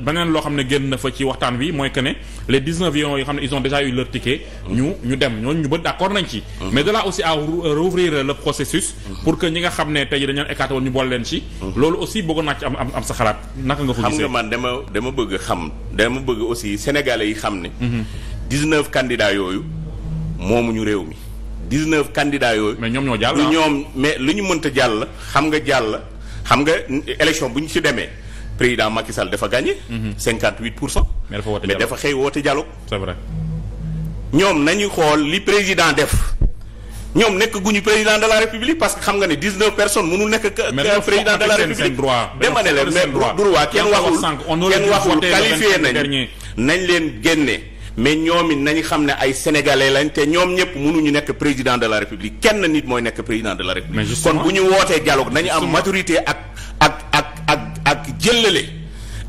beneen loo xam ne génn na fa ci waxtaan wi mooy que ne les 19 millions yoo xam ne ils ont déjà eu leur ticket. ñu ñu dem ñooñu ñu ba d'accord nañ ci. Uh-huh. mais de là aussi à euh, rouvrir le processus. Uh-huh. pour que ñi nga xam ne tey dañu leen écarté woon ñu boole leen ci. Uh-huh. loolu aussi bëggoon naa ci am am sa xalaat naka nga ko gisee. xam nga man dama dama bëgg xam dama bëgg aussi sénégalais yi xam ne. 19 candidats yooyu moomuñu réew mi. 19 candidats yooyu. mais ñoom ñoo jàll ah. ñoom mais lu ñu mënta jàll xam nga jàll xam nga élection bu ñu ci demee. président Macky Sall dafa gagné. Mhm. mais dafa xëy woote dialogue. ñoom nañu xool li président def ñoom nekk guñu président de la république parce que xam nga ne 19 personnes mënul nekk. Euh, président de la république dama ne leen mais kenn waxul kenn waxul qualifié nañ nañ leen génne. mais ñoom it xam ne ay sénégalais lañ te ñoom ñëpp mënuñu nekk président de la république kenn nit mooy nekk président de la république. kon bu ñu wootee dialogue nañu am maturité ak. jëllale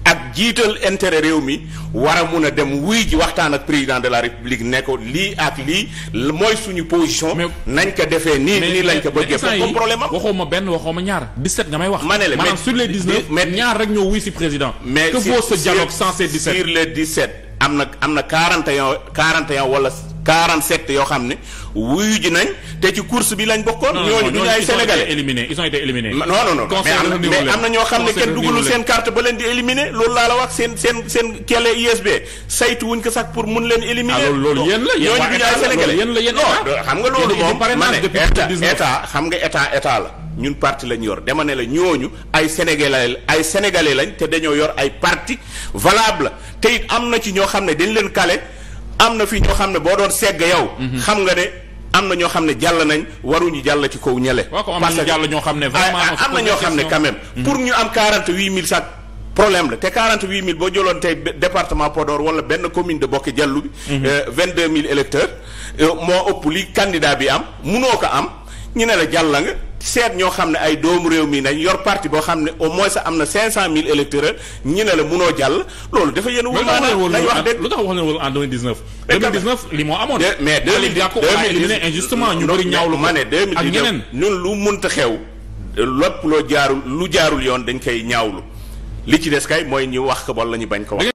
ak jiital intérêt réew mi war a mun a dem wuy ji waxtaan ak président de la république ne lii ak lii mooy suñu position. nañ ko defee nii nii lañ ko bëggee. mais comme problème waxoo ma benn waxoo ma ñaar. 17 nga may wax. ma ne la maanaam sur les 19 mais ñaar rek ñoo wuy si président. mais que vaut ce dialogue sans ces 17 sur am na am na 41 41 wala. 47 yoo xam ne wuyu ji nañ te ci course bi lañ bokkoon. ñooñu du ñu ay sénégalais ils ont été éliminés non non non mais na ñoo xam ne kenn dugalul seen carte ba leen di éliminer loolu laa la seen seen seen kelle ISB saytu ko sax pour mun leen éliminer. Ah, loolu yéen la yéen du ñu ay sénégalais non xam nga loolu moom ma ne état xam nga état état la. ñun parti lañ yor dama ne la ñooñu ay sénégalais ay sénégalais lañ te dañoo yor ay parti valable te am na ci ñoo xam ne dañ leen kale am na fi ñoo xam ne boo doon segg yow. Mhm. xam nga ne am na ñoo xam ne jàll nañ waruñu jàll ci kaw ñële. parce que am na ñoo xam ne vraiment am na ñoo xam ne quand même. pour ñu am quarante huit mille sax problème la te quarante huit mille boo jëloon tey département Podor wala benn commune de Bokk Jallu bi. Mhm. Euh, euh, moo ëpp li candidat bi am munoo ko am. ñu ne la jàll nga seet ñoo xam ne ay doomu réew mii nañ yor parti boo xam ne au moins sax am na 500000 électeurs ñu ne la munoo jàll loolu dafa yéen a. wóor maanaam dañ wax de lu tax wax ne woon en 2019. 2019 li moo amoon. mais 2019 on a éliminé injustement ñu bëri ñaawlu ma ne 2019 ak ñeneen lu munta xew. lépp loo jaarul lu jaarul yoon dañ koy ñaawlu li ci des kay mooy ñu wax ko wala ñu bañ ko wax.